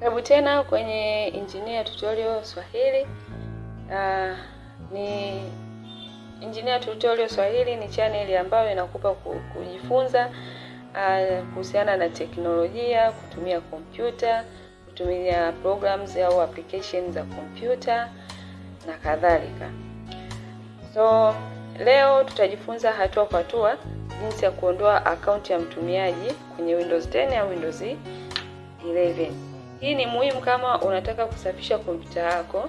Karibu tena kwenye Engineer Tutorial Swahili. Uh, ni Engineer Tutorial Swahili ni chaneli ambayo inakupa kujifunza ah, kuhusiana na teknolojia, kutumia kompyuta, kutumia programs au applications za kompyuta na kadhalika. So leo tutajifunza hatua kwa hatua jinsi ya kuondoa akaunti ya mtumiaji kwenye Windows 10 au Windows 11. Hii ni muhimu kama unataka kusafisha kompyuta yako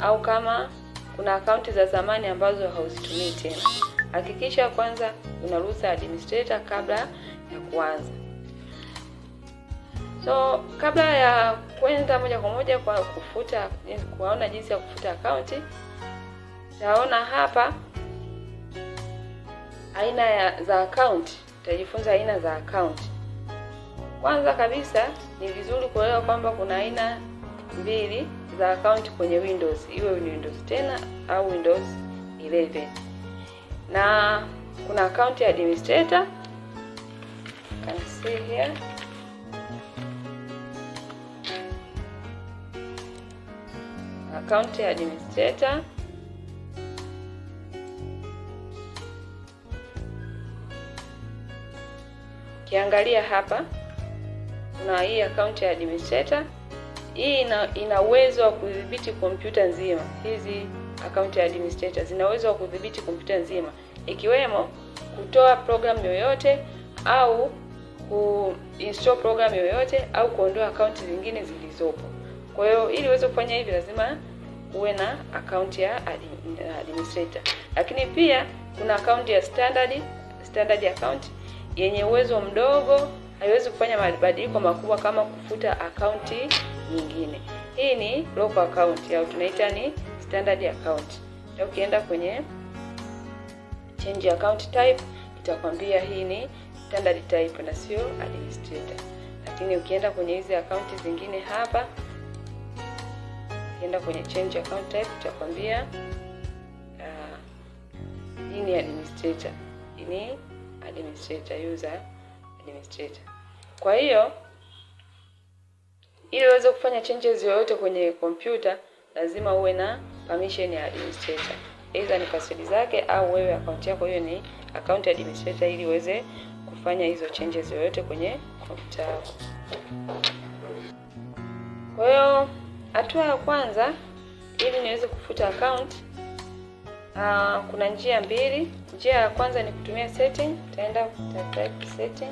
au kama kuna akaunti za zamani ambazo hauzitumii tena. Hakikisha kwanza unaruhusa administrator kabla ya kuanza. So kabla ya kwenda moja kwa moja kwa kufuta kuona jinsi ya kufuta akaunti, taona hapa aina ya za akaunti, utajifunza aina za akaunti. Kwanza kabisa ni vizuri kuelewa kwamba kuna aina mbili za akaunti kwenye Windows, iwe ni Windows 10 au Windows 11, na kuna akaunti ya administrator can see here akaunti ya administrator kiangalia hapa na hii account ya administrator. Hii ina, ina uwezo wa kudhibiti kompyuta nzima. Hizi account ya administrator zina uwezo wa kudhibiti kompyuta nzima ikiwemo kutoa program yoyote au kuinstall program yoyote au kuondoa akaunti zingine zilizopo. Kwa hiyo ili uweze kufanya hivi lazima uwe na akaunti ya administrator. Lakini pia kuna akaunti ya standard, standard account yenye uwezo mdogo haiwezi kufanya mabadiliko makubwa kama kufuta akaunti nyingine. Hii ni local account au tunaita ni standard account. Na ukienda kwenye change account type itakwambia hii ni standard type na sio administrator. Lakini ukienda kwenye hizi akaunti zingine hapa, ukienda kwenye change account type itakwambia uh, hii ni administrator, hii ni administrator user administrator. Kwa hiyo ili uweze kufanya changes yoyote kwenye kompyuta lazima uwe na permission ya administrator, either ni password zake au wewe akaunti yako hiyo ni account administrator, ili uweze kufanya hizo changes yoyote kwenye kompyuta yako. Kwa hiyo hatua ya kwanza ili niweze kufuta account Uh, kuna njia mbili. Njia ya kwanza ni kutumia setting, taenda type setting.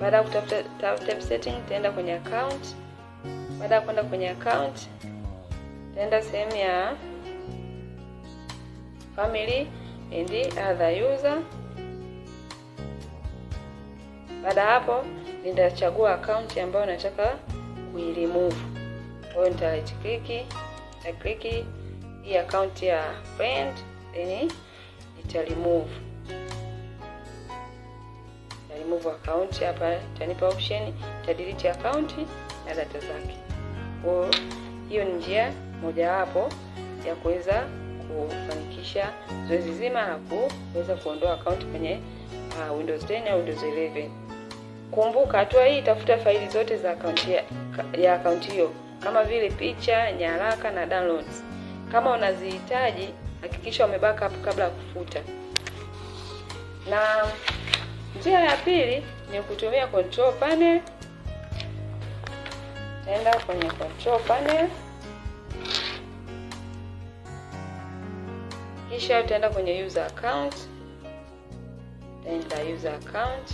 Baada ya kutafuta type setting, taenda kwenye account. Baada ya kwenda kwenye account, taenda sehemu ya family and other user. Baada hapo nitachagua akaunti ambayo nataka kuirimove, kwa hiyo nitaikliki nita click hii account ya friend then nita remove nita remove account hapa, itanipa option nita delete account na data zake. Kwa hiyo ni njia mojawapo ya kuweza kufanikisha zoezi zima la kuweza kuondoa account kwenye uh, Windows 10 au Windows 11. Kumbuka hatua hii, tafuta faili zote za akaunti ya, ya akaunti hiyo kama vile picha, nyaraka na downloads. Kama unazihitaji, hakikisha umebackup kabla ya kufuta. Na njia ya pili ni kutumia control panel. Nenda kwenye control panel, kisha utaenda kwenye user account, utaenda user account,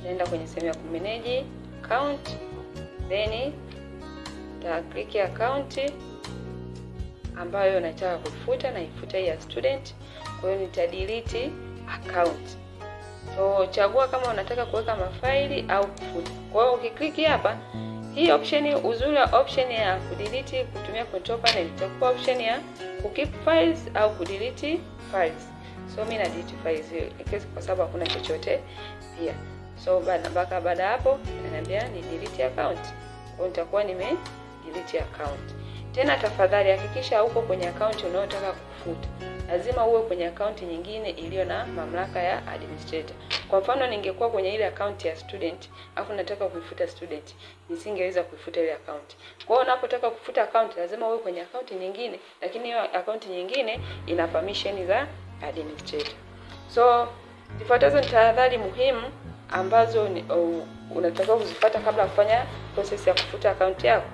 utaenda kwenye sehemu ya kumeneji account then nitakliki akaunti ambayo unataka kufuta, na ifuta ya student. Kwa hiyo nitadelete account. So chagua kama unataka kuweka mafaili au kufuta. Kwa hiyo ukikliki hapa, hii option, uzuri wa option ya kudelete kutumia control panel itakuwa option ya kukeep files au kudelete files. So mimi na delete files hiyo kwa sababu hakuna chochote pia. So baada baada hapo ananiambia ni delete account. Kwa hiyo nitakuwa nime delete account. Tena tafadhali hakikisha uko kwenye akaunti unayotaka kufuta. Lazima uwe kwenye akaunti nyingine iliyo na mamlaka ya administrator. Kwa mfano, ningekuwa kwenye ile akaunti ya student afu nataka kuifuta student, nisingeweza kuifuta ile akaunti. Kwa hiyo unapotaka kufuta akaunti lazima uwe kwenye akaunti nyingine, lakini hiyo akaunti nyingine ina permission za administrator. So zifuatazo ni tahadhari muhimu ambazo ni, uh, unatakiwa kuzifuata kabla ya kufanya process ya kufuta akaunti yako.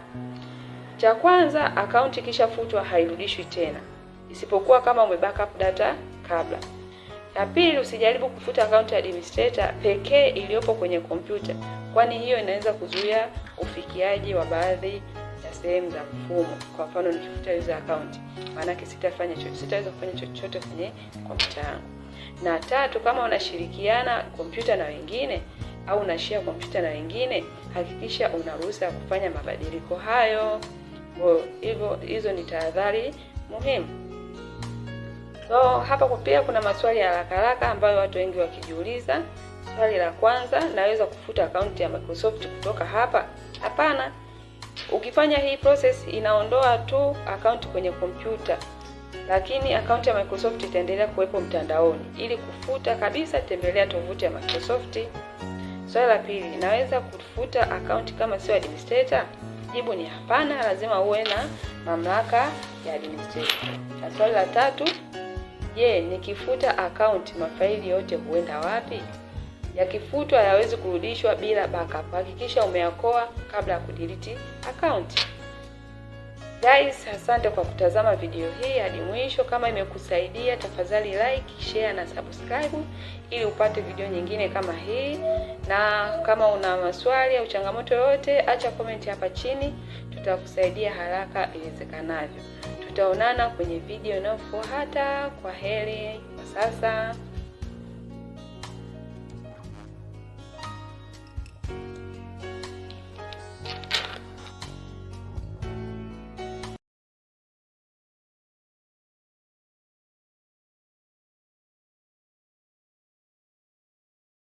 Cha kwanza, akaunti ikishafutwa hairudishwi tena, isipokuwa kama ume backup data kabla. Ya pili, usijaribu kufuta akaunti ya administrator pekee iliyopo kwenye kompyuta, kwani hiyo inaweza kuzuia ufikiaji wa baadhi ya sehemu za mfumo. Kwa mfano, nikifuta user account, maanake sitafanya chochote, sitaweza kufanya chochote kwenye kompyuta yangu. Na tatu, kama unashirikiana kompyuta na wengine au unashia kompyuta na wengine, hakikisha una ruhusa ya kufanya mabadiliko hayo. Kwa hivyo hizo ni tahadhari muhimu. So hapa pia kuna maswali ya haraka haraka ambayo watu wengi wakijiuliza. Swali la kwanza, naweza kufuta akaunti ya Microsoft kutoka hapa? Hapana. Ukifanya hii process inaondoa tu akaunti kwenye kompyuta, lakini akaunti ya Microsoft itaendelea kuwepo mtandaoni. Ili kufuta kabisa, tembelea tovuti ya Microsoft. Swali la pili, naweza kufuta akaunti kama sio administrator? Jibu ni hapana, lazima uwe na mamlaka ya administrator. Na swali la tatu, je, nikifuta akaunti mafaili yote huenda wapi? Yakifutwa hayawezi kurudishwa bila backup. Hakikisha umeyakoa kabla ya kudelete akaunti. Guys, asante kwa kutazama video hii hadi mwisho. Kama imekusaidia, tafadhali like, share na subscribe ili upate video nyingine kama hii, na kama una maswali au changamoto yoyote, acha comment hapa chini, tutakusaidia haraka iwezekanavyo. Tutaonana kwenye video inayofuata. Kwa heri kwa sasa.